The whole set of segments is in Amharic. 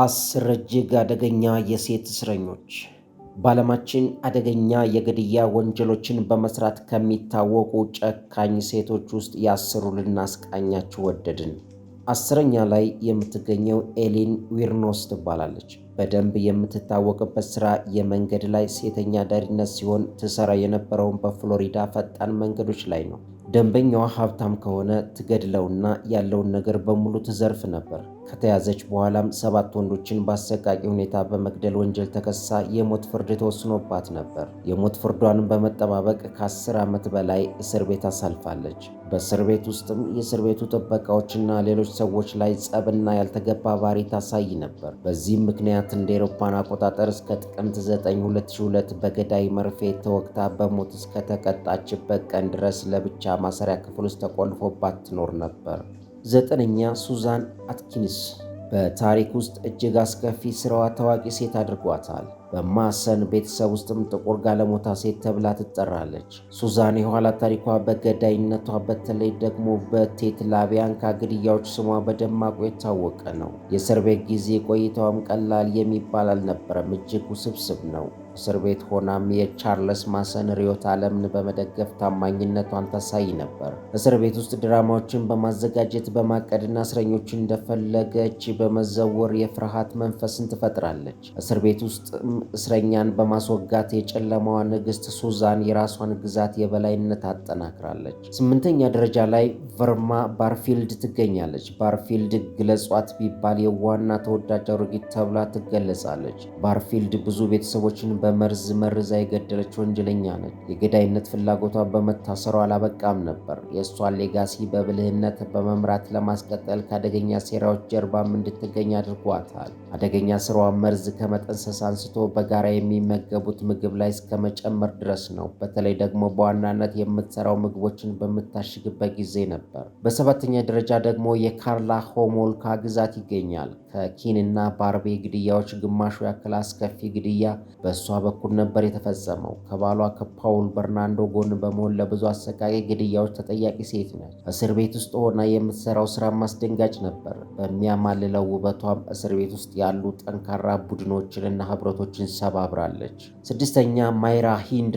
አስር እጅግ አደገኛ የሴት እስረኞች በዓለማችን አደገኛ የግድያ ወንጀሎችን በመስራት ከሚታወቁ ጨካኝ ሴቶች ውስጥ የአስሩ ልናስቃኛችሁ ወደድን። አስረኛ ላይ የምትገኘው ኤሊን ዊርኖስ ትባላለች። በደንብ የምትታወቅበት ስራ የመንገድ ላይ ሴተኛ አዳሪነት ሲሆን ትሰራ የነበረውን በፍሎሪዳ ፈጣን መንገዶች ላይ ነው። ደንበኛዋ ሀብታም ከሆነ ትገድለውና ያለውን ነገር በሙሉ ትዘርፍ ነበር። ከተያዘች በኋላም ሰባት ወንዶችን በአሰቃቂ ሁኔታ በመግደል ወንጀል ተከሳ የሞት ፍርድ ተወስኖባት ነበር። የሞት ፍርዷንም በመጠባበቅ ከአስር ዓመት በላይ እስር ቤት አሳልፋለች። በእስር ቤት ውስጥም የእስር ቤቱ ጥበቃዎችና ሌሎች ሰዎች ላይ ጸብና ያልተገባ ባህሪ ታሳይ ነበር። በዚህም ምክንያት እንደ ኤሮፓን አቆጣጠር እስከ ጥቅምት 9 2002 በገዳይ መርፌ ተወግታ በሞት እስከተቀጣችበት ቀን ድረስ ለብቻ ማሰሪያ ክፍል ውስጥ ተቆልፎባት ትኖር ነበር። ዘጠነኛ ሱዛን አትኪንስ በታሪክ ውስጥ እጅግ አስከፊ ስራዋ ታዋቂ ሴት አድርጓታል። በማሰን ቤተሰብ ውስጥም ጥቁር ጋለሞታ ሴት ተብላ ትጠራለች። ሱዛን የኋላ ታሪኳ በገዳይነቷ በተለይ ደግሞ በቴት ላቢያንካ ግድያዎች ስሟ በደማቁ የታወቀ ነው። የእስር ቤት ጊዜ ቆይታዋም ቀላል የሚባል አልነበረም፣ እጅግ ውስብስብ ነው። እስር ቤት ሆናም የቻርለስ ማሰን ርዕዮተ ዓለምን በመደገፍ ታማኝነቷን ታሳይ ነበር። እስር ቤት ውስጥ ድራማዎችን በማዘጋጀት በማቀድና እስረኞችን እንደፈለገች በመዘወር የፍርሃት መንፈስን ትፈጥራለች። እስር ቤት ውስጥ እስረኛን በማስወጋት የጨለማዋ ንግሥት ሱዛን የራሷን ግዛት የበላይነት አጠናክራለች። ስምንተኛ ደረጃ ላይ ቨርማ ባርፊልድ ትገኛለች። ባርፊልድ ግለጿት ቢባል የዋና ተወዳጅ አሮጊት ተብላ ትገለጻለች። ባርፊልድ ብዙ ቤተሰቦችን በመርዝ መርዛ የገደለች ወንጀለኛ ነች። የገዳይነት ፍላጎቷ በመታሰሩ አላበቃም ነበር። የእሷን ሌጋሲ በብልህነት በመምራት ለማስቀጠል ከአደገኛ ሴራዎች ጀርባም እንድትገኝ አድርጓታል። አደገኛ ስራዋ መርዝ ከመጠንሰስ አንስቶ በጋራ የሚመገቡት ምግብ ላይ እስከ መጨመር ድረስ ነው። በተለይ ደግሞ በዋናነት የምትሰራው ምግቦችን በምታሽግበት ጊዜ ነበር። በሰባተኛ ደረጃ ደግሞ የካርላ ሆሞልካ ግዛት ይገኛል። ከኪንና ባርቤ ግድያዎች ግማሹ ያክል አስከፊ ግድያ በእሷ በኩል ነበር የተፈጸመው። ከባሏ ከፓውል በርናንዶ ጎን በመሆን ለብዙ አሰቃቂ ግድያዎች ተጠያቂ ሴት ነች። እስር ቤት ውስጥ ሆና የምትሰራው ስራ ማስደንጋጭ ነበር። በሚያማልለው ውበቷም እስር ቤት ውስጥ ያሉ ጠንካራ ቡድኖችንና ህብረቶችን ሰባብራለች። ስድስተኛ ማይራ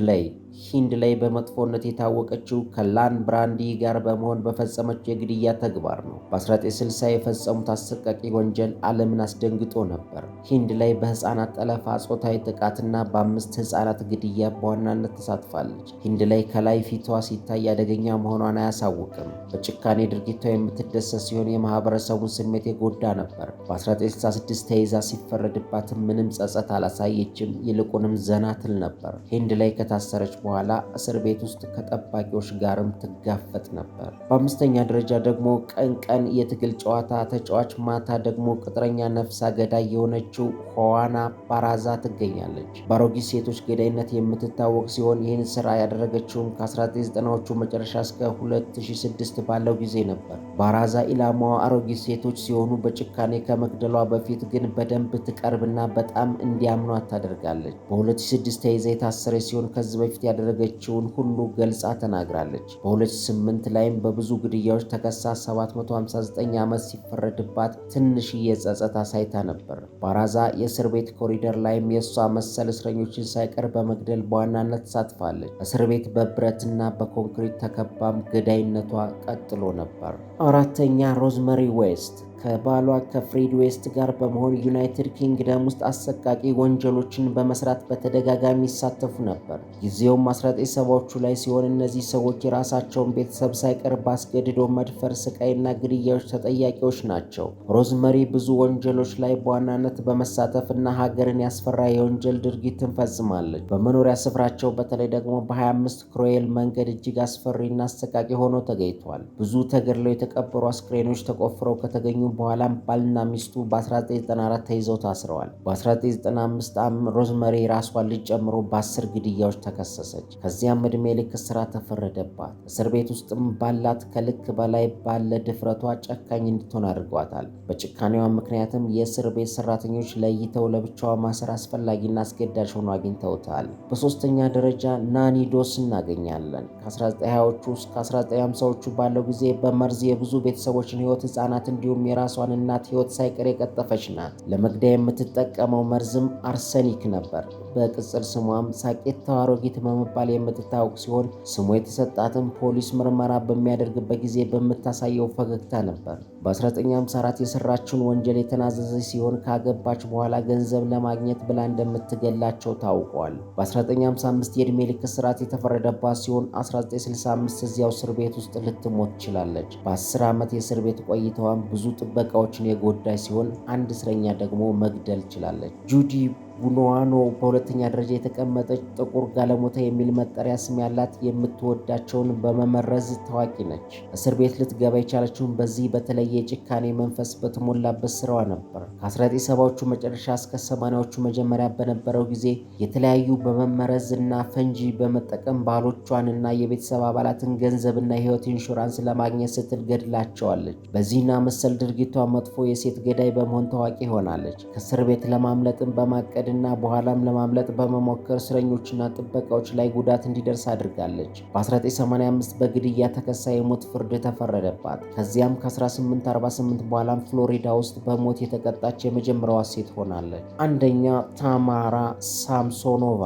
ላይ። ሂንድ ላይ በመጥፎነት የታወቀችው ከላን ብራንዲ ጋር በመሆን በፈጸመችው የግድያ ተግባር ነው። በ1960 የፈጸሙት አሰቃቂ ወንጀል ዓለምን አስደንግጦ ነበር። ሂንድ ላይ በህፃናት ጠለፋ፣ ጾታዊ ጥቃትና በአምስት ህፃናት ግድያ በዋናነት ተሳትፋለች። ሂንድ ላይ ከላይ ፊቷ ሲታይ አደገኛ መሆኗን አያሳውቅም። በጭካኔ ድርጊቷ የምትደሰት ሲሆን የማህበረሰቡን ስሜት የጎዳ ነበር። በ1966 ተይዛ ሲፈረድባትም ምንም ጸጸት አላሳየችም፣ ይልቁንም ዘና ትል ነበር። ሂንድ ላይ ከታሰረች በኋላ እስር ቤት ውስጥ ከጠባቂዎች ጋርም ትጋፈጥ ነበር። በአምስተኛ ደረጃ ደግሞ ቀን ቀን የትግል ጨዋታ ተጫዋች፣ ማታ ደግሞ ቅጥረኛ ነፍስ አገዳ የሆነችው ሆዋና ባራዛ ትገኛለች። በአሮጊት ሴቶች ገዳይነት የምትታወቅ ሲሆን ይህን ስራ ያደረገችውም ከ1990ዎቹ መጨረሻ እስከ 2006 ባለው ጊዜ ነበር። ባራዛ ኢላማዋ አሮጊት ሴቶች ሲሆኑ በጭካኔ ከመግደሏ በፊት ግን በደንብ ትቀርብና በጣም እንዲያምኗት ታደርጋለች። በ2006 ተይዛ የታሰረች ሲሆን ከዚህ በፊት ያደረገችውን ሁሉ ገልጻ ተናግራለች። በ2008 ላይም በብዙ ግድያዎች ተከሳ 759 ዓመት ሲፈረድባት ትንሽዬ ጸጸት አሳይታ ነበር። ባራዛ የእስር ቤት ኮሪደር ላይም የእሷ መሰል እስረኞችን ሳይቀር በመግደል በዋናነት ተሳትፋለች። እስር ቤት በብረትና በኮንክሪት ተከባም ገዳይነቷ ቀጥሎ ነበር። አራተኛ ሮዝመሪ ዌስት ከባሏ ከፍሬድ ዌስት ጋር በመሆን ዩናይትድ ኪንግደም ውስጥ አሰቃቂ ወንጀሎችን በመስራት በተደጋጋሚ ይሳተፉ ነበር። ጊዜውም 1970ዎቹ ላይ ሲሆን እነዚህ ሰዎች የራሳቸውን ቤተሰብ ሳይቀር በአስገድዶ መድፈር ስቃይና ግድያዎች ተጠያቂዎች ናቸው። ሮዝመሪ ብዙ ወንጀሎች ላይ በዋናነት በመሳተፍ እና ሀገርን ያስፈራ የወንጀል ድርጊትን ፈጽማለች። በመኖሪያ ስፍራቸው በተለይ ደግሞ በ25 ክሮኤል መንገድ እጅግ አስፈሪና አሰቃቂ ሆኖ ተገኝቷል። ብዙ ተገድለው የተቀበሩ አስክሬኖች ተቆፍረው ከተገኙ በኋላም ባልና ሚስቱ በ1994 ተይዘው ታስረዋል። በ1995 ሮዝመሪ ራሷን ልጅ ጨምሮ በአስር ግድያዎች ተከሰሰ። ደረሰች። ከዚያም ዕድሜ ልክ ስራ ተፈረደባት። እስር ቤት ውስጥም ባላት ከልክ በላይ ባለ ድፍረቷ ጨካኝ እንድትሆን አድርጓታል። በጭካኔዋ ምክንያትም የእስር ቤት ሰራተኞች ለይተው ለብቻዋ ማሰር አስፈላጊና አስገዳጅ ሆኖ አግኝተውታል። በሶስተኛ ደረጃ ናኒዶስ እናገኛለን። ከ1920ዎቹ እስከ 1950ዎቹ ባለው ጊዜ በመርዝ የብዙ ቤተሰቦችን ህይወት፣ ህጻናት እንዲሁም የራሷን እናት ህይወት ሳይቀር የቀጠፈች ናት። ለመግደያ የምትጠቀመው መርዝም አርሰኒክ ነበር። በቅጽል ስሟም ሳቄት ተዋሮጊት መ በመባል የምትታወቅ ሲሆን ስሙ የተሰጣትም ፖሊስ ምርመራ በሚያደርግበት ጊዜ በምታሳየው ፈገግታ ነበር። በ1954 የሰራችውን ወንጀል የተናዘዘች ሲሆን ካገባች በኋላ ገንዘብ ለማግኘት ብላ እንደምትገላቸው ታውቋል። በ1955 የዕድሜ ልክ እስራት የተፈረደባት ሲሆን 1965 እዚያው እስር ቤት ውስጥ ልትሞት ችላለች። በ10 ዓመት የእስር ቤት ቆይታዋን ብዙ ጥበቃዎችን የጎዳች ሲሆን አንድ እስረኛ ደግሞ መግደል ችላለች። ጁዲ ጉኖዋኖ በሁለተኛ ደረጃ የተቀመጠች ጥቁር ጋለሞታ የሚል መጠሪያ ስም ያላት የምትወዳቸውን በመመረዝ ታዋቂ ነች። እስር ቤት ልትገባ የቻለችውን በዚህ በተለየ የጭካኔ መንፈስ በተሞላበት ስራዋ ነበር። ከ1970ዎቹ መጨረሻ እስከ 80ዎቹ መጀመሪያ በነበረው ጊዜ የተለያዩ በመመረዝ እና ፈንጂ በመጠቀም ባሎቿን እና የቤተሰብ አባላትን ገንዘብና የህይወት ኢንሹራንስ ለማግኘት ስትል ገድላቸዋለች። በዚህና መሰል ድርጊቷ መጥፎ የሴት ገዳይ በመሆን ታዋቂ ሆናለች። ከእስር ቤት ለማምለጥን በማቀ በማቀድና በኋላም ለማምለጥ በመሞከር እስረኞችና ጥበቃዎች ላይ ጉዳት እንዲደርስ አድርጋለች። በ1985 በግድያ ተከሳይ የሞት ፍርድ ተፈረደባት። ከዚያም ከ1848 በኋላም ፍሎሪዳ ውስጥ በሞት የተቀጣች የመጀመሪያዋ ሴት ሆናለች። አንደኛ ታማራ ሳምሶኖቫ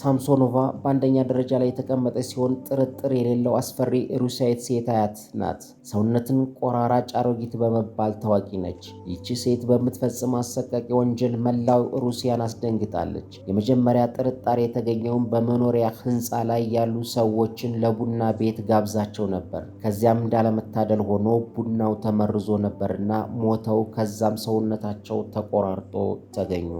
ሳምሶኖቫ በአንደኛ ደረጃ ላይ የተቀመጠች ሲሆን ጥርጥር የሌለው አስፈሪ ሩሲያዊት ሴት አያት ናት። ሰውነትን ቆራራጭ አሮጊት በመባል ታዋቂ ነች። ይቺ ሴት በምትፈጽም አሰቃቂ ወንጀል መላው ሩሲያን አስደንግጣለች። የመጀመሪያ ጥርጣሬ የተገኘውን በመኖሪያ ሕንፃ ላይ ያሉ ሰዎችን ለቡና ቤት ጋብዛቸው ነበር። ከዚያም እንዳለመታደል ሆኖ ቡናው ተመርዞ ነበርና ሞተው ከዛም ሰውነታቸው ተቆራርጦ ተገኙ።